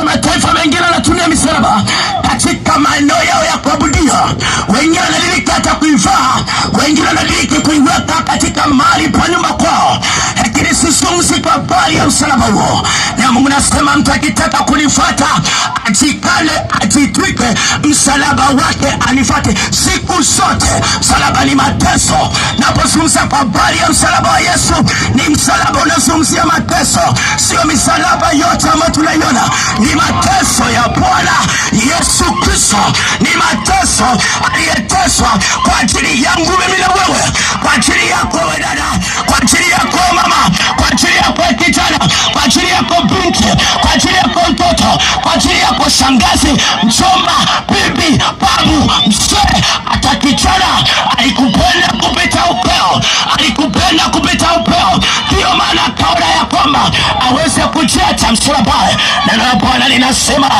kwamba mataifa mengine anatumia misalaba katika maeneo yao ya kuabudia. Wengine wanadiriki hata kuivaa, wengine wanadiriki kuiweka katika mahali pa nyumba kwao ya msalaba huo, na Mungu nasema mtu akitaka kunifuata atikale ajitwike msalaba wake anifuate siku zote. Msalaba ni mateso. Napozungumza kwa habari ya msalaba wa Yesu, ni msalaba unazungumzia mateso, sio misalaba yote ambayo tunaiona. Ni mateso ya Bwana Yesu Kristo, ni mateso aliyeteswa kwa ajili yangu mimi na wewe, kwa ajili yako shangazi, mchomba, bibi, babu, mzee, atakichana alikupenda kupita upeo, alikupenda kupita upeo. Ndiyo maana kaona ya kwamba aweze kujia tamsura baya. Neno la Bwana linasema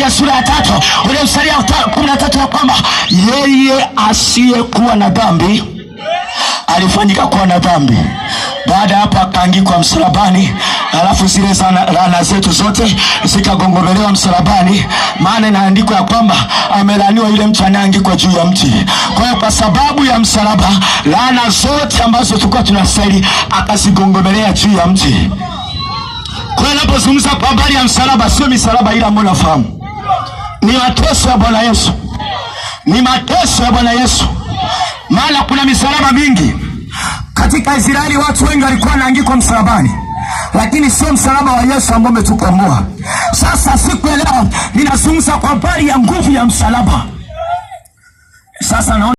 ya sura ya tatu ule msaria kumi na tatu ya kwamba yeye asiyekuwa na dhambi alifanyika kuwa na dhambi baada ya hapo akaangikwa msalabani, alafu zile laana zetu zote zikagongomelewa msalabani, maana inaandikwa ya kwamba amelaniwa yule mtu anayeangikwa juu ya mti. Kwa hiyo kwa sababu ya msalaba, laana zote ambazo tulikuwa tunastahili akazigongomelea juu ya mti. Kwa hiyo napozungumza kwa habari ya msalaba, sio misalaba ile ambayo nafahamu, ni mateso ya Bwana Yesu, ni mateso ya Bwana Yesu, maana kuna misalaba mingi katika Israeli watu wengi walikuwa naangikwa msalabani, lakini sio msalaba wa Yesu ambao umetukomboa. Sasa siku ya leo ninazungumza kwa habari ya nguvu ya msalaba. Sasa naona